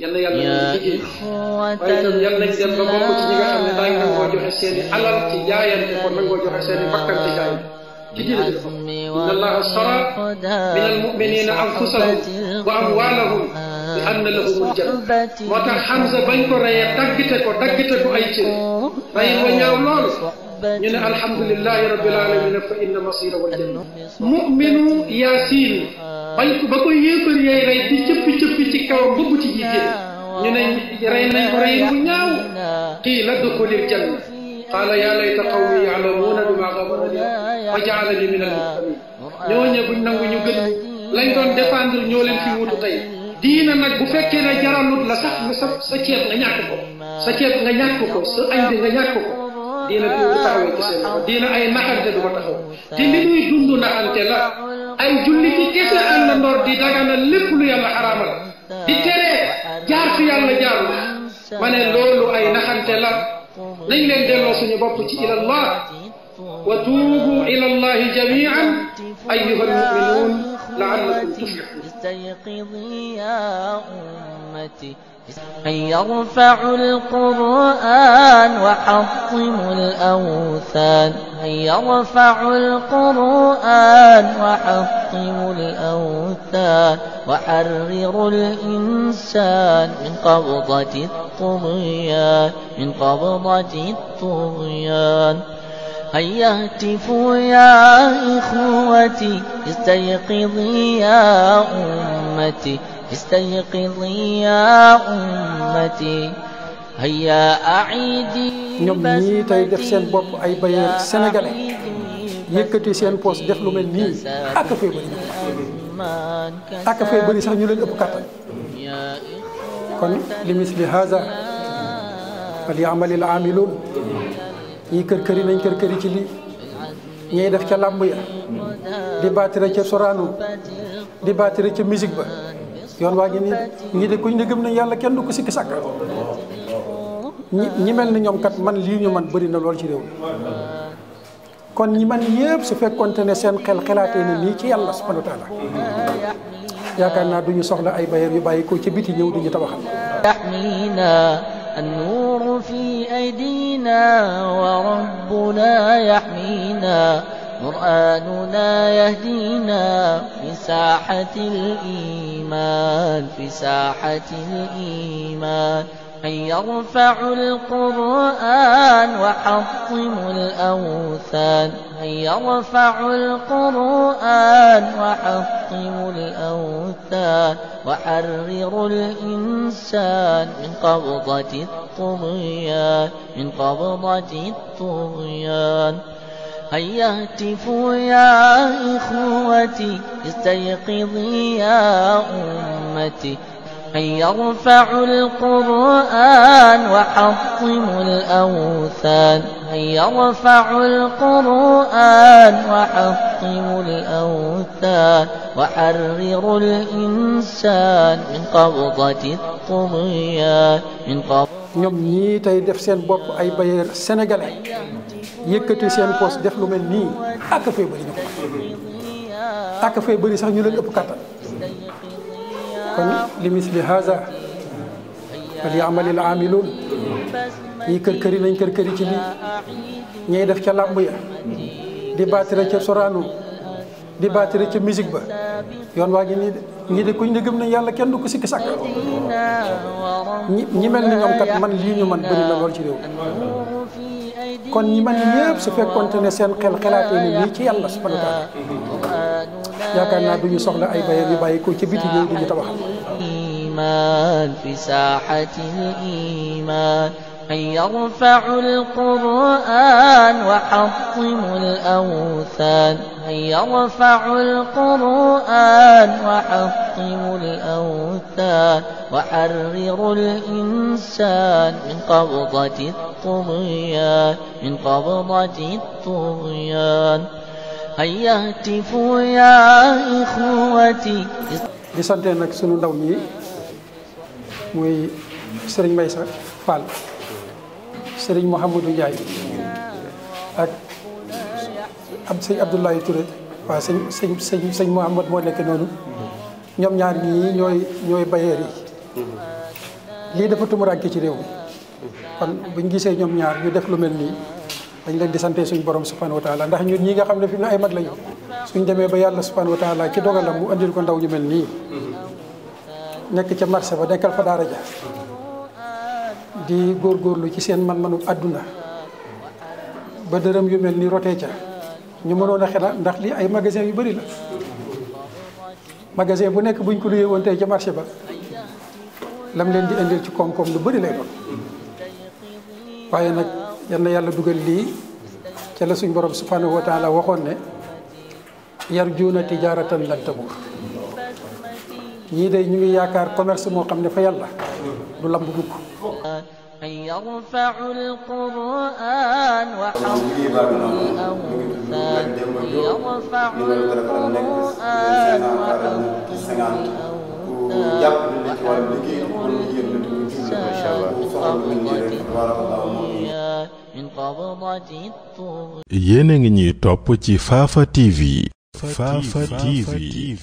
yal na yàlla yal nañ dem ba bokk ci ñi nga xam ne daañu nangoo joxe seen i alal ci jaayante ko nangoo joxe seen i bakkan ci jaay ci diine bi dafa inna allaha stara min almuminina anfusahum wa amwalahum bi anna lahumul janna moo tax Hamza bañ ko reyee daggite ko daggite ko ay cër rey wa ñaaw loolu ñu ne alhamdulillahi rabbil alamina fa inna masira wal janna muminu yasin bañ ko ba ko yéefar yooyu rey di cëppi cëppi ci kawam bëgg ci jiite ah, ñu ne rey nañ ko rey bu ñaaw qiila duxulil janna qaala yaa layta qawmi yaalamuuna bimaa ghafara li wa ja'alani min al-mukramiin ñooñu buñ nangu ñu gën lañ doon défendre ñoo fi wutu diina nag bu fekkee ne jaralut la sax nga sa sa ceeb nga ñàkk ko sa ceeb na ñàkk ko nga ñàkk ko diina du taxawee ci seen diina ay naxante du ko taxaw te li muy dund la. ay julli ci kese àndandoor di daganal lépp lu yàlla xaraamal di tere jaar fi yàlla jaarul ma ne loolu ay naxante la nañ leen delloo suñu bopp ci ilallah wa tuubu ilallahi jamian أيها المؤمنون لعلكم تفلحون استيقظي يا أمتي يرفع القرآن وحطم الأوثان يرفع القرآن وحطم الأوثان وحرر الإنسان من قبضة الطغيان من قبضة الطغيان هيا اهتفوا يا إخوتي استيقظي يا أمتي استيقظي يا أمتي هيا أعيدي ñoom ñii tey def seen bopp ay bailleurs sénégalais yëkkati seen poste def lu mel nii ak fee bëri ak fee bëri sax ñu leen ëpp kàttan kon li misli haza fal yaamali al aamiluun ñii kër kër yi nañ kër kër ci lii ñiy def ca làmb ya di baatira ca soraano di baatira ca musique ba yoon waa ngi nii ñii de kuñ ne gëm nañ yàlla kenn du ko sikki sàkk ñi ñi mel ni ñoom kat man lii ñu man bëri na lool ci réew mi kon ñi man yëpp su fekkonte ne seen xel xelaatee ne nii ci yàlla subhanahu wa yaakaar naa duñu soxla ay bayeer yu bàyyi ko ci biti ñëw duñu tabaxal النور في أيدينا وربنا يحمينا قرآننا يهدينا في ساحة الإيمان في ساحة الإيمان يرفع القرآن وحطم الأوثان يرفع القرآن وحطم الأوثان وحرر الإنسان من قبضة الطغيان من قبضة الطغيان هيا اهتفوا يا إخوتي استيقظي يا أمتي يرفع القرآن وحطم الأوثان يرفع القرآن وحطم الأوثان وحرر الإنسان من قبضة الطغيان من قبضة ñoom ñii tey def seen bopp ay bailleurs sénégalais yëkkati seen poste def lu mel nii ak fay bëri ñu ko ak fay bëri sax ñu leen ëpp kattan yakun li misli haza fal yaamalil aamiluun ñii kër këri nañ kër këri ci lii ñay def ca làmb ya di baatira ca soraanu di baatira ca musique ba yoon waa ngi nii de ñii de kuñ ne nañ yàlla kenn du ko sikki sàkk ñi ñi mel ni ñoom kat man lii ñu man bëri na lool ci réew kon ñi man ñëpp su fekkonte ne seen xel xelaatee ni nii ci yàlla subhanahu taala yaakaar naa duñu soxla ay bayal yu bàyyi ko ci biti ñëw duñu tabaxal iman fi saaxati iman an yarfau alquran wa xatimu alawthan an yarfau alquran wa xatimu alawthan wa xarriru alinsan min qabdati الطغيان من قبضة الطغيان هيا اهتفوا يا إخوتي di sante nag sunu ndaw ñi muy sëriñ Mbay Sa Fall sëriñ Mouhamadou Ndiaye ak ab sëñ Abdoulaye Touré waaw sëñ sëñ sëñ sëñ moo nekk noonu ñoom ñaar ñii ñooy ñooy bayeer lii dafa tumuraanke ci réew mi kon buñ gisee ñoom ñaar ñu def lu mel nii dañ leen di sante suñu borom subhanahu wa taala ndax ñun ñi nga xam ne fi mu ne ay mag lañu suñ demee ba yàlla subhanahu wa taala ci dogalam mu andil ko ndaw ñu mel nii nekk ca marché ba nekkal fa daara ja di góorgóorlu ci seen man-manu àdduna ba dërëm yu mel ni rotee ca ñu mënoon a xela ndax lii ay magasin yu bari la magasin bu nekk buñ ko luyee woon tey ca marché ba lam leen di indil ci koom-koom lu bari lay doon waaye nag yal na yàlla dugal lii ca la suñ borom subhanahu wa taala waxoon ne yarjuuna tijaaratan lan ñii de ñu ngi yaakaar commerce moo xam ne fa yàlla du lamb mukk yéen a ngi ñuy topp ci Fafa TV. Fafa TV.